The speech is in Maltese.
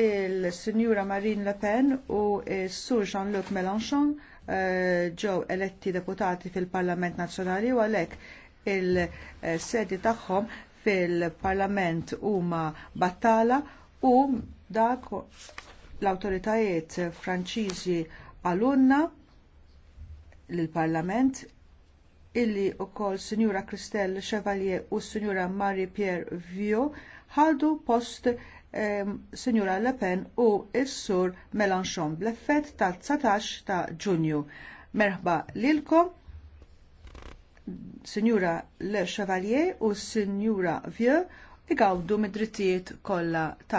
il-Sinjura Marine Le Pen u s-Sur Jean-Luc Mélenchon eh, ġew eletti deputati fil-Parlament Nazzjonali u għalhekk il-sedi tagħhom fil-Parlament huma battala u dak l-awtoritajiet Franċiżi għalunna lill-Parlament illi wkoll Sinjura Christelle Chevalier u Sinjura Marie Pierre Vio ħadu post Sinjura Le Pen u s-sur Melanchon bl-effett tal-19 ta' Ġunju. Merħba lilkom, Sinjura Le Chevalier u Sinjura Vieux igawdu mid-drittijiet kollha tal